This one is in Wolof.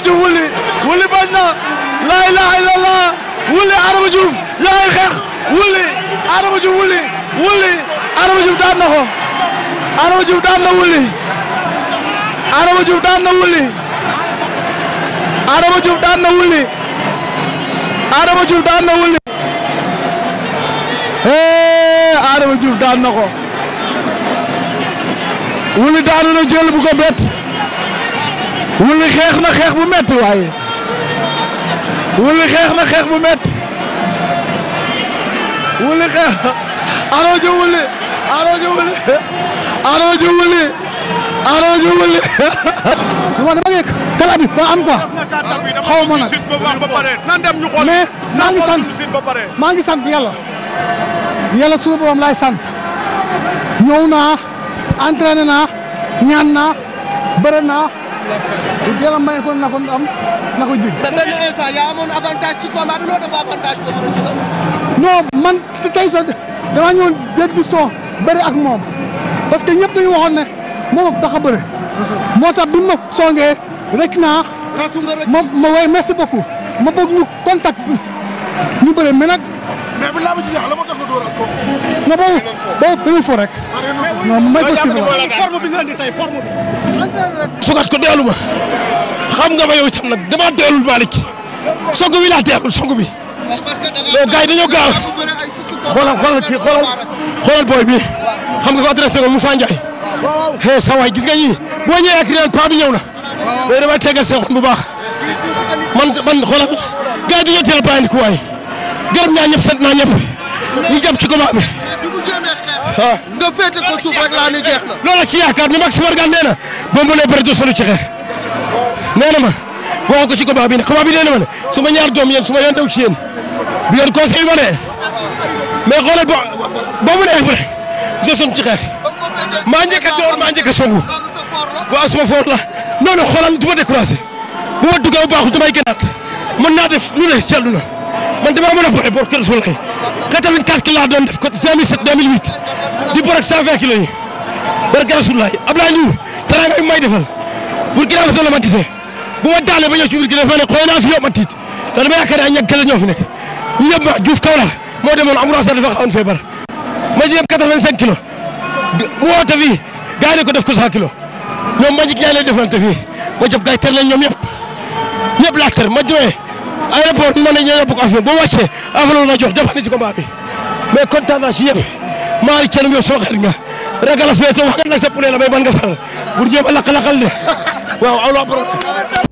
Adama Diouf wuli wuli bañ na laa ilaha illallah wuli Adama Diouf yaa ngi xeex wuli Adama Diouf wuli wuli Adama Diouf daan na ko Adama Diouf daan na wuli Adama Diouf daan na wuli Adama Diouf daan na wuli Adama Diouf daan na wuli hee Adama Diouf daan na ko wuli daanu na jël bu ko bett wuli xeex na xeex bu metti waaye wuli xeex na xeex bu metti wuli xeex aroojo wuli aroojo wuli aroojo wuli aroojo wuli am quoi ma nag mais maa ngi sant maa ngi sant yàlla yàlla sunu borom laay sant ñëw naa entraîné na ñaan naa bëre naa yàlla may ko na ko na ko jig. noo def avantage boobu la ci la. non man tey sax ak moom parce que ñëpp dañu waxoon ne moom dafa bëri. moo tax bi ma songee rek naa. ma ma waaye merci beaucoup ma bëgg ñu contact ñu bëri mais mais bu laabu ji jeex la moo tax nga dóoraat ko. nga indi tey forme bi. sukat ko deelu ma xam nga ma yow itam nag damaa deelul Malick song bi laa deelul song bi. yow gars yi dañoo gaaw xoolal xoolal booy bi xam nga ko adressé ko Moussa Ndiaye. eh sa waay gis nga ñii boo ñëwee ak ren paa bi na. mais damay tegal seen bu baax man xoolal gars yi dañoo teel a bàyyi ku gërëm naa ñëpp sant naa ñëpp ñu jàpp ci combat bi. Ah. nga féete ko suuf rek laa ni jeex na. loolu ci yaakaar ni Maxime Organe nee na boo mënee bëri ci xeex nee na ma waxoo ko ci combat bi nag combat bi nee ma ne su ma ñaar doom yéen su ma yoon daw ci yéen bi yéen conseil ma ne mais xoolal boo boo mënee bëri doo sonn ci xeex maa njëkk a door maa njëkk a songu waaw suma foor la non non xoolal du ma découragé bu ma duggee bu gënaat mën naa def lu ne ci àdduna man damaa mën a bëre boor kër Soulay 84 kilos laa doon def ko 2007 2008 di bëre ak 120 kilos yi boor kër Soulay Abdoulaye Ndour teraanga bi may defal Burkina Faso la ma gisee bu ma daale ma ne xooy naa fi yóbbu ma nekk ñu yóbbu ma Diouf Kaola moo demoon amuloo sax dafa xawoon feebar ma jëm 85 kilos mu woote fii gars ko def ko 100 kilos ñoom ma njëkk ñaa leen defante fii ma jëm gars yi ter leen ñoom ñëpp ma ñëwee. aéroport man dañuy yóbbu ko avion ba mu wàccee avion la jox jàppale ci combat bi mais kontaan naa si yëpp maa ngi kenn mu yow sama xarit nga ragal a féetoo wax nga nag sa poulet la mais man nga faral bu jéem a lakk-lakkal de waaw aw la